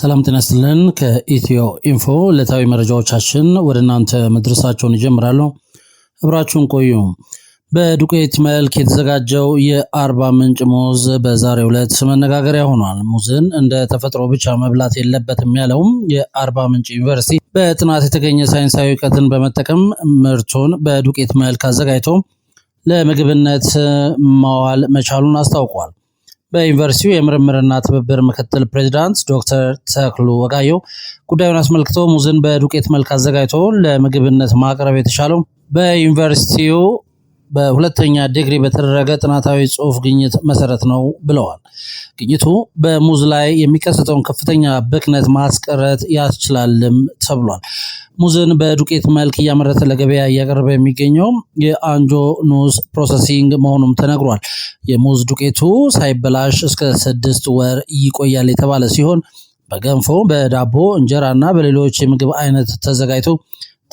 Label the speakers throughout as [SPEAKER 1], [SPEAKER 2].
[SPEAKER 1] ሰላም ጤና ይስጥልን። ከኢትዮ ኢንፎ ዕለታዊ መረጃዎቻችን ወደ እናንተ መድረሳቸውን ይጀምራሉ። አብራችሁን ቆዩ። በዱቄት መልክ የተዘጋጀው የአርባ ምንጭ ሙዝ በዛሬው ዕለት መነጋገሪያ ሆኗል። ሙዝን እንደ ተፈጥሮ ብቻ መብላት የለበትም ያለውም የአርባ ምንጭ ዩኒቨርሲቲ በጥናት የተገኘ ሳይንሳዊ እውቀትን በመጠቀም ምርቱን በዱቄት መልክ አዘጋጅቶ ለምግብነት ማዋል መቻሉን አስታውቋል። በዩኒቨርሲቲው የምርምርና ትብብር ምክትል ፕሬዚዳንት ዶክተር ተክሉ ወጋዮ ጉዳዩን አስመልክቶ ሙዝን በዱቄት መልክ አዘጋጅቶ ለምግብነት ማቅረብ የተቻለው በዩኒቨርሲቲው በሁለተኛ ዲግሪ በተደረገ ጥናታዊ ጽሑፍ ግኝት መሰረት ነው ብለዋል። ግኝቱ በሙዝ ላይ የሚከሰተውን ከፍተኛ ብክነት ማስቀረት ያስችላልም ተብሏል። ሙዝን በዱቄት መልክ እያመረተ ለገበያ እያቀረበ የሚገኘው የአንጆ ኑስ ፕሮሰሲንግ መሆኑም ተነግሯል። የሙዝ ዱቄቱ ሳይበላሽ እስከ ስድስት ወር ይቆያል የተባለ ሲሆን በገንፎ፣ በዳቦ፣ እና በሌሎች የምግብ አይነት ተዘጋጅቶ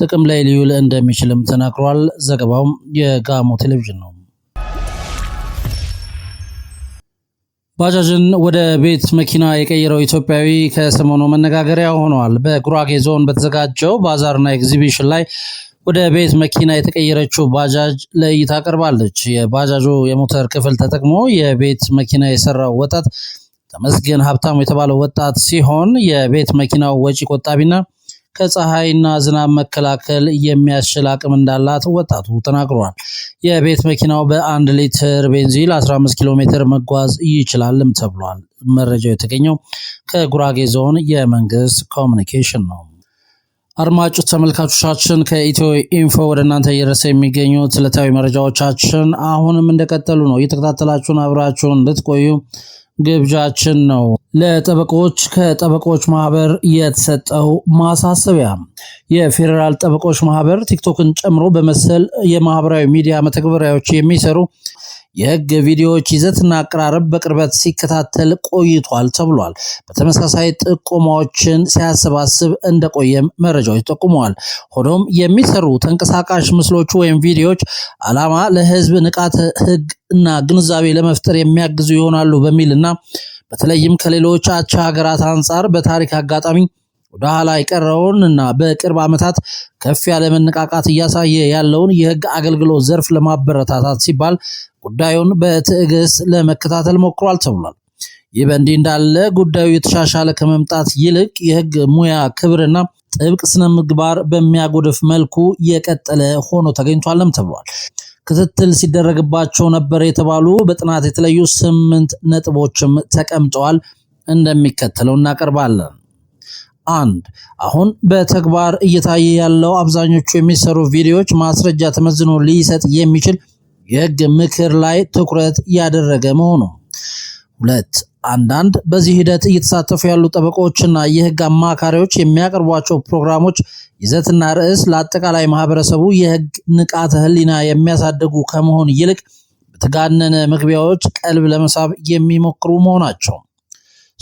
[SPEAKER 1] ጥቅም ላይ ሊውል እንደሚችልም ተናግሯል። ዘገባውም የጋሞ ቴሌቪዥን ነው። ባጃጅን ወደ ቤት መኪና የቀየረው ኢትዮጵያዊ ከሰሞኑ መነጋገሪያ ሆኗል። በጉራጌ ዞን በተዘጋጀው ባዛርና ኤግዚቢሽን ላይ ወደ ቤት መኪና የተቀየረችው ባጃጅ ለእይታ ቀርባለች። የባጃጁ የሞተር ክፍል ተጠቅሞ የቤት መኪና የሰራው ወጣት ተመስገን ሀብታሙ የተባለው ወጣት ሲሆን የቤት መኪናው ወጪ ቆጣቢና ከፀሐይና ዝናብ መከላከል የሚያስችል አቅም እንዳላት ወጣቱ ተናግሯል። የቤት መኪናው በአንድ ሊትር ቤንዚል 15 ኪሎ ሜትር መጓዝ ይችላልም ተብሏል። መረጃው የተገኘው ከጉራጌ ዞን የመንግስት ኮሚኒኬሽን ነው። አድማጮች ተመልካቾቻችን ከኢትዮ ኢንፎ ወደ እናንተ እየደረሰ የሚገኙት ዕለታዊ መረጃዎቻችን አሁንም እንደቀጠሉ ነው። እየተከታተላችሁን አብራችሁን እንድትቆዩ ግብዣችን ነው። ለጠበቆች ከጠበቆች ማህበር የተሰጠው ማሳሰቢያ የፌዴራል ጠበቆች ማህበር ቲክቶክን ጨምሮ በመሰል የማህበራዊ ሚዲያ መተግበሪያዎች የሚሰሩ የህግ ቪዲዮዎች ይዘትና አቀራረብ በቅርበት ሲከታተል ቆይቷል ተብሏል። በተመሳሳይ ጥቆማዎችን ሲያሰባስብ እንደቆየም መረጃዎች ጠቁመዋል። ሆኖም የሚሰሩ ተንቀሳቃሽ ምስሎቹ ወይም ቪዲዮዎች ዓላማ ለህዝብ ንቃተ ህግ እና ግንዛቤ ለመፍጠር የሚያግዙ ይሆናሉ በሚልና በተለይም ከሌሎች አቻ ሀገራት አንጻር በታሪክ አጋጣሚ ወደ ኋላ የቀረውን እና በቅርብ ዓመታት ከፍ ያለ መነቃቃት እያሳየ ያለውን የህግ አገልግሎት ዘርፍ ለማበረታታት ሲባል ጉዳዩን በትዕግስት ለመከታተል ሞክሯል ተብሏል። ይህ በእንዲህ እንዳለ ጉዳዩ የተሻሻለ ከመምጣት ይልቅ የህግ ሙያ ክብርና ጥብቅ ስነ ምግባር በሚያጎድፍ መልኩ የቀጠለ ሆኖ ተገኝቷለም ተብሏል። ክትትል ሲደረግባቸው ነበር የተባሉ በጥናት የተለዩ ስምንት ነጥቦችም ተቀምጠዋል። እንደሚከተለው እናቀርባለን። አንድ አሁን በተግባር እየታየ ያለው አብዛኞቹ የሚሰሩ ቪዲዮዎች ማስረጃ ተመዝኖ ሊሰጥ የሚችል የህግ ምክር ላይ ትኩረት ያደረገ መሆኑ። ሁለት አንዳንድ በዚህ ሂደት እየተሳተፉ ያሉ ጠበቆችና የህግ አማካሪዎች የሚያቀርቧቸው ፕሮግራሞች ይዘትና ርዕስ ለአጠቃላይ ማህበረሰቡ የህግ ንቃተ ህሊና የሚያሳድጉ ከመሆን ይልቅ በተጋነነ መግቢያዎች ቀልብ ለመሳብ የሚሞክሩ መሆናቸው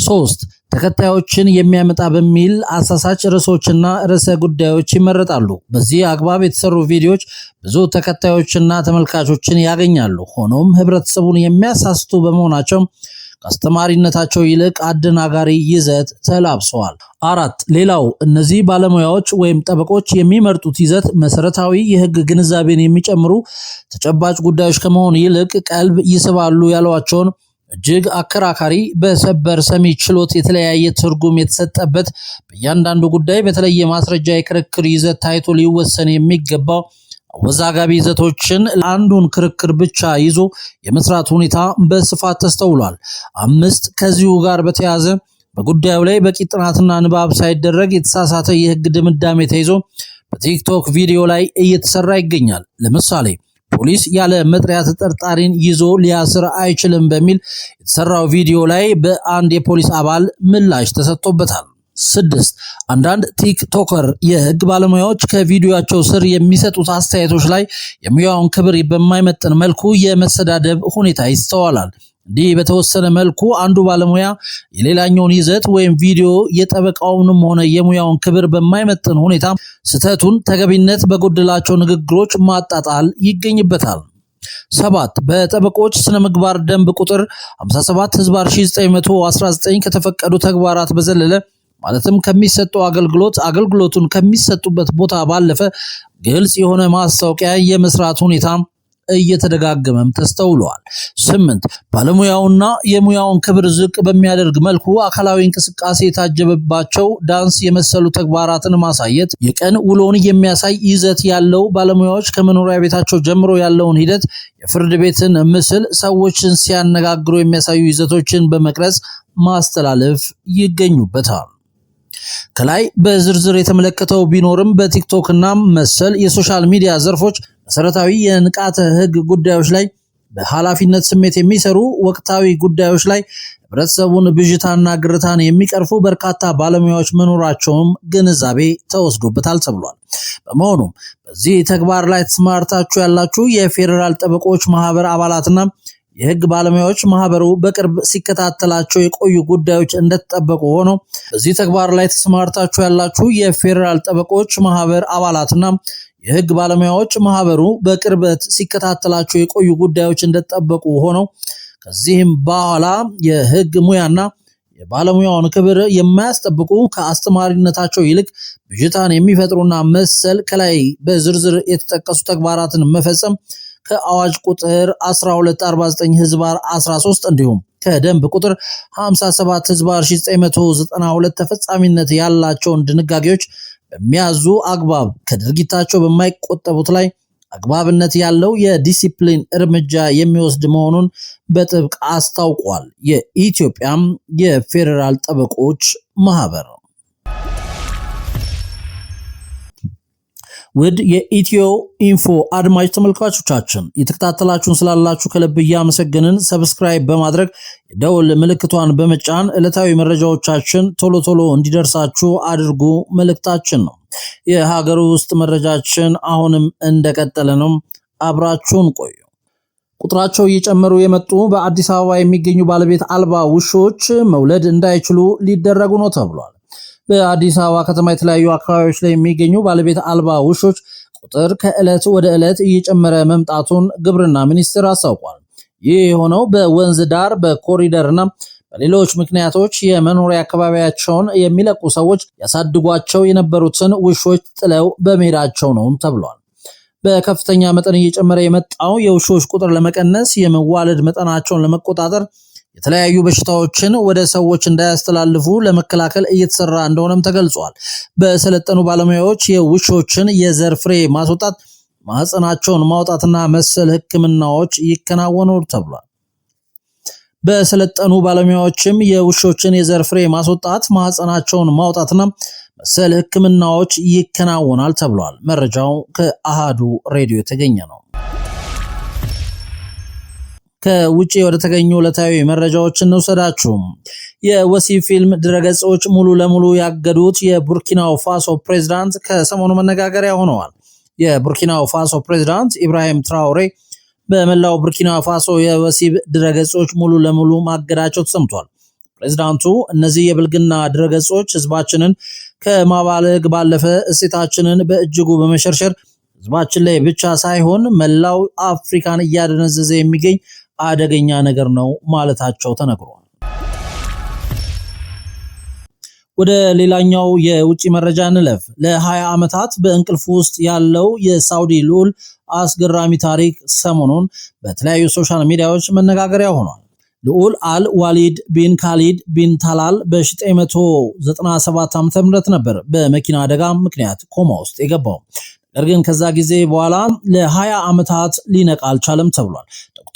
[SPEAKER 1] ሶስት ተከታዮችን የሚያመጣ በሚል አሳሳች ርዕሶችና ርዕሰ ጉዳዮች ይመረጣሉ። በዚህ አግባብ የተሰሩ ቪዲዮዎች ብዙ ተከታዮችና ተመልካቾችን ያገኛሉ። ሆኖም ህብረተሰቡን የሚያሳስቱ በመሆናቸው ከአስተማሪነታቸው ይልቅ አደናጋሪ ይዘት ተላብሰዋል። አራት ሌላው እነዚህ ባለሙያዎች ወይም ጠበቆች የሚመርጡት ይዘት መሰረታዊ የህግ ግንዛቤን የሚጨምሩ ተጨባጭ ጉዳዮች ከመሆኑ ይልቅ ቀልብ ይስባሉ ያሏቸውን እጅግ አከራካሪ በሰበር ሰሚ ችሎት የተለያየ ትርጉም የተሰጠበት በእያንዳንዱ ጉዳይ በተለየ ማስረጃ የክርክር ይዘት ታይቶ ሊወሰን የሚገባው አወዛጋቢ ይዘቶችን ለአንዱን ክርክር ብቻ ይዞ የመስራት ሁኔታ በስፋት ተስተውሏል። አምስት ከዚሁ ጋር በተያያዘ በጉዳዩ ላይ በቂ ጥናትና ንባብ ሳይደረግ የተሳሳተ የሕግ ድምዳሜ ተይዞ በቲክቶክ ቪዲዮ ላይ እየተሰራ ይገኛል። ለምሳሌ ፖሊስ ያለ መጥሪያ ተጠርጣሪን ይዞ ሊያስር አይችልም በሚል የተሰራው ቪዲዮ ላይ በአንድ የፖሊስ አባል ምላሽ ተሰጥቶበታል። ስድስት አንዳንድ ቲክቶከር የህግ ባለሙያዎች ከቪዲዮቸው ስር የሚሰጡት አስተያየቶች ላይ የሙያውን ክብር በማይመጥን መልኩ የመሰዳደብ ሁኔታ ይስተዋላል። እንዲህ በተወሰነ መልኩ አንዱ ባለሙያ የሌላኛውን ይዘት ወይም ቪዲዮ የጠበቃውንም ሆነ የሙያውን ክብር በማይመጥን ሁኔታ ስህተቱን ተገቢነት በጎደላቸው ንግግሮች ማጣጣል ይገኝበታል። ሰባት በጠበቆች ስነ ምግባር ደንብ ቁጥር 57 ህዝባር 1919 ከተፈቀዱ ተግባራት በዘለለ ማለትም ከሚሰጠው አገልግሎት አገልግሎቱን ከሚሰጡበት ቦታ ባለፈ ግልጽ የሆነ ማስታወቂያ የመስራት ሁኔታ እየተደጋገመም ተስተውሏል። ስምንት ባለሙያውና የሙያውን ክብር ዝቅ በሚያደርግ መልኩ አካላዊ እንቅስቃሴ የታጀበባቸው ዳንስ የመሰሉ ተግባራትን ማሳየት የቀን ውሎን የሚያሳይ ይዘት ያለው ባለሙያዎች ከመኖሪያ ቤታቸው ጀምሮ ያለውን ሂደት የፍርድ ቤትን ምስል ሰዎችን ሲያነጋግሩ የሚያሳዩ ይዘቶችን በመቅረጽ ማስተላለፍ ይገኙበታል። ከላይ በዝርዝር የተመለከተው ቢኖርም በቲክቶክ እና መሰል የሶሻል ሚዲያ ዘርፎች መሰረታዊ የንቃተ ህግ ጉዳዮች ላይ በኃላፊነት ስሜት የሚሰሩ ወቅታዊ ጉዳዮች ላይ ህብረተሰቡን ብዥታና ግርታን የሚቀርፉ በርካታ ባለሙያዎች መኖራቸውም ግንዛቤ ተወስዶበታል ተብሏል። በመሆኑም በዚህ ተግባር ላይ ተሰማርታችሁ ያላችሁ የፌዴራል ጠበቆች ማህበር አባላትና የህግ ባለሙያዎች ማህበሩ በቅርብ ሲከታተላቸው የቆዩ ጉዳዮች እንደተጠበቁ ሆነው በዚህ ተግባር ላይ ተሰማርታችሁ ያላችሁ የፌዴራል ጠበቆች ማህበር አባላትና የህግ ባለሙያዎች ማህበሩ በቅርበት ሲከታተላቸው የቆዩ ጉዳዮች እንደተጠበቁ ሆነው ከዚህም በኋላ የህግ ሙያና የባለሙያውን ክብር የማያስጠብቁ ከአስተማሪነታቸው ይልቅ ብዥታን የሚፈጥሩና መሰል ከላይ በዝርዝር የተጠቀሱ ተግባራትን መፈጸም ከአዋጅ ቁጥር 1249 ህዝባር 13 እንዲሁም ከደንብ ቁጥር 57 ህዝባር 1992 ተፈጻሚነት ያላቸውን ድንጋጌዎች በሚያዙ አግባብ ከድርጊታቸው በማይቆጠቡት ላይ አግባብነት ያለው የዲሲፕሊን እርምጃ የሚወስድ መሆኑን በጥብቅ አስታውቋል። የኢትዮጵያም የፌዴራል ጠበቆች ማህበር ውድ የኢትዮ ኢንፎ አድማጭ ተመልካቾቻችን የተከታተላችሁን ስላላችሁ ከልብ እያመሰገንን፣ ሰብስክራይብ በማድረግ ደውል ምልክቷን በመጫን ዕለታዊ መረጃዎቻችን ቶሎ ቶሎ እንዲደርሳችሁ አድርጉ መልእክታችን ነው። የሀገር ውስጥ መረጃችን አሁንም እንደቀጠለ ነው። አብራችሁን ቆዩ። ቁጥራቸው እየጨመሩ የመጡ በአዲስ አበባ የሚገኙ ባለቤት አልባ ውሾች መውለድ እንዳይችሉ ሊደረጉ ነው ተብሏል። በአዲስ አበባ ከተማ የተለያዩ አካባቢዎች ላይ የሚገኙ ባለቤት አልባ ውሾች ቁጥር ከዕለት ወደ ዕለት እየጨመረ መምጣቱን ግብርና ሚኒስቴር አስታውቋል። ይህ የሆነው በወንዝ ዳር በኮሪደርና በሌሎች ምክንያቶች የመኖሪያ አካባቢያቸውን የሚለቁ ሰዎች ያሳድጓቸው የነበሩትን ውሾች ጥለው በመሄዳቸው ነው ተብሏል። በከፍተኛ መጠን እየጨመረ የመጣው የውሾች ቁጥር ለመቀነስ የመዋለድ መጠናቸውን ለመቆጣጠር የተለያዩ በሽታዎችን ወደ ሰዎች እንዳያስተላልፉ ለመከላከል እየተሰራ እንደሆነም ተገልጿል። በሰለጠኑ ባለሙያዎች የውሾችን የዘር ፍሬ ማስወጣት፣ ማህፀናቸውን ማውጣትና መሰል ሕክምናዎች ይከናወኑ ተብሏል። በሰለጠኑ ባለሙያዎችም የውሾችን የዘር ፍሬ ማስወጣት፣ ማህፀናቸውን ማውጣትና መሰል ሕክምናዎች ይከናወናል ተብሏል። መረጃው ከአሃዱ ሬዲዮ የተገኘ ነው። ከውጭ ወደ ተገኙ ዕለታዊ መረጃዎች እንውሰዳችሁ። የወሲብ ፊልም ድረገጾች ሙሉ ለሙሉ ያገዱት የቡርኪናው ፋሶ ፕሬዝዳንት ከሰሞኑ መነጋገሪያ ሆነዋል። የቡርኪናው ፋሶ ፕሬዝዳንት ኢብራሂም ትራውሬ በመላው ቡርኪና ፋሶ የወሲብ ድረገጾች ሙሉ ለሙሉ ማገዳቸው ተሰምቷል። ፕሬዝዳንቱ እነዚህ የብልግና ድረገጾች ህዝባችንን ከማባለግ ባለፈ እሴታችንን በእጅጉ በመሸርሸር ህዝባችን ላይ ብቻ ሳይሆን መላው አፍሪካን እያደነዘዘ የሚገኝ አደገኛ ነገር ነው ማለታቸው ተነግሯል። ወደ ሌላኛው የውጭ መረጃ እንለፍ። ለ20 ዓመታት በእንቅልፍ ውስጥ ያለው የሳውዲ ልዑል አስገራሚ ታሪክ ሰሞኑን በተለያዩ ሶሻል ሚዲያዎች መነጋገሪያ ሆኗል። ልዑል አል ዋሊድ ቢን ካሊድ ቢን ታላል በ997 ዓ ም ነበር በመኪና አደጋ ምክንያት ኮማ ውስጥ የገባው። ነገር ግን ከዛ ጊዜ በኋላ ለ20 ዓመታት ሊነቃ አልቻለም ተብሏል።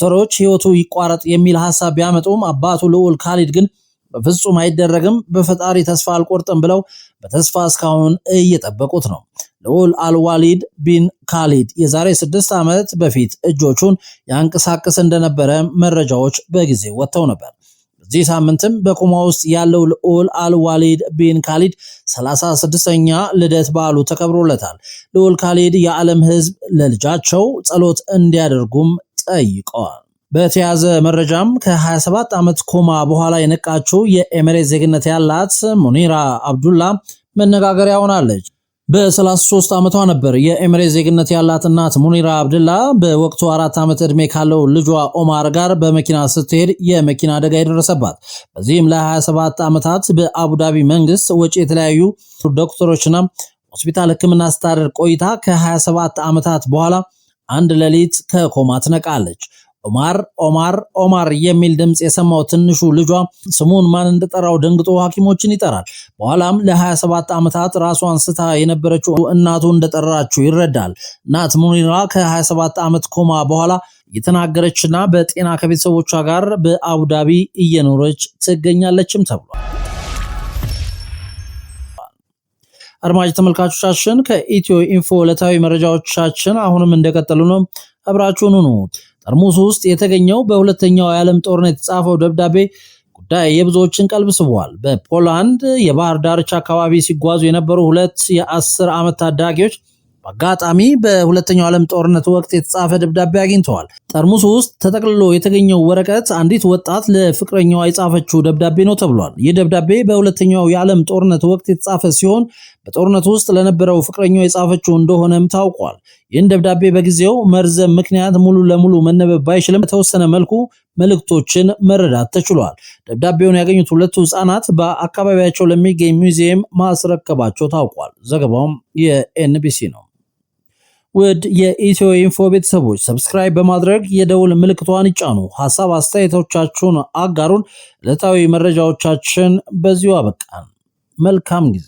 [SPEAKER 1] ዶክተሮች ህይወቱ ይቋረጥ የሚል ሀሳብ ቢያመጡም አባቱ ልዑል ካሊድ ግን በፍጹም አይደረግም፣ በፈጣሪ ተስፋ አልቆርጥም ብለው በተስፋ እስካሁን እየጠበቁት ነው። ልዑል አልዋሊድ ቢን ካሊድ የዛሬ ስድስት ዓመት በፊት እጆቹን ያንቀሳቅስ እንደነበረ መረጃዎች በጊዜ ወጥተው ነበር። በዚህ ሳምንትም በኩማ ውስጥ ያለው ልዑል አልዋሊድ ቢን ካሊድ 36ኛ ልደት በዓሉ ተከብሮለታል። ልዑል ካሊድ የዓለም ህዝብ ለልጃቸው ጸሎት እንዲያደርጉም ጠይቀዋል። በተያዘ መረጃም ከ27 ዓመት ኮማ በኋላ የነቃችው የኤምሬት ዜግነት ያላት ሙኒራ አብዱላ መነጋገሪያ ሆናለች። በ33 ዓመቷ ነበር የኤምሬት ዜግነት ያላት እናት ሙኒራ አብድላ በወቅቱ አራት ዓመት ዕድሜ ካለው ልጇ ኦማር ጋር በመኪና ስትሄድ የመኪና አደጋ የደረሰባት። በዚህም ለ27 ዓመታት በአቡዳቢ መንግስት ወጪ የተለያዩ ዶክተሮችና ሆስፒታል ሕክምና ስታደር ቆይታ ከ27 ዓመታት በኋላ አንድ ሌሊት ከኮማ ትነቃለች። ኦማር ኦማር ኦማር የሚል ድምፅ የሰማው ትንሹ ልጇ ስሙን ማን እንደጠራው ደንግጦ ሐኪሞችን ይጠራል። በኋላም ለ27 ዓመታት ራሷን ስታ የነበረችው እናቱ እንደጠራችው ይረዳል። እናት ሙኒራ ከ27 ዓመት ኮማ በኋላ የተናገረችና በጤና ከቤተሰቦቿ ጋር በአቡዳቢ እየኖረች ትገኛለችም ተብሏል። አድማጭ ተመልካቾቻችን ከኢትዮ ኢንፎ ዕለታዊ መረጃዎቻችን አሁንም እንደቀጠሉ ነው። አብራችሁን ሁኑ። ጠርሙስ ውስጥ የተገኘው በሁለተኛው የዓለም ጦርነት የተጻፈው ደብዳቤ ጉዳይ የብዙዎችን ቀልብ ስቧል። በፖላንድ የባህር ዳርቻ አካባቢ ሲጓዙ የነበሩ ሁለት የአስር ዓመት ታዳጊዎች በአጋጣሚ በሁለተኛው ዓለም ጦርነት ወቅት የተጻፈ ደብዳቤ አግኝተዋል። ጠርሙሱ ውስጥ ተጠቅልሎ የተገኘው ወረቀት አንዲት ወጣት ለፍቅረኛዋ የጻፈችው ደብዳቤ ነው ተብሏል። ይህ ደብዳቤ በሁለተኛው የዓለም ጦርነት ወቅት የተጻፈ ሲሆን በጦርነት ውስጥ ለነበረው ፍቅረኛው የጻፈችው እንደሆነም ታውቋል። ይህን ደብዳቤ በጊዜው መርዘም ምክንያት ሙሉ ለሙሉ መነበብ ባይችልም በተወሰነ መልኩ መልእክቶችን መረዳት ተችሏል። ደብዳቤውን ያገኙት ሁለቱ ህጻናት በአካባቢያቸው ለሚገኝ ሙዚየም ማስረከባቸው ታውቋል። ዘገባውም የኤንቢሲ ነው። ውድ የኢትዮ ኢንፎ ቤተሰቦች ሰብስክራይብ በማድረግ የደውል ምልክቷን ይጫኑ። ሀሳብ አስተያየቶቻችሁን አጋሩን። ዕለታዊ መረጃዎቻችን በዚሁ አበቃን። መልካም ጊዜ